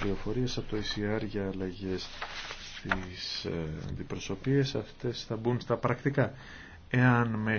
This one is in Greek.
πληροφορίες από το ECR για αλλαγές στις ε, αντιπροσωπείες. Αυτές θα μπουν στα πρακτικά. Εάν με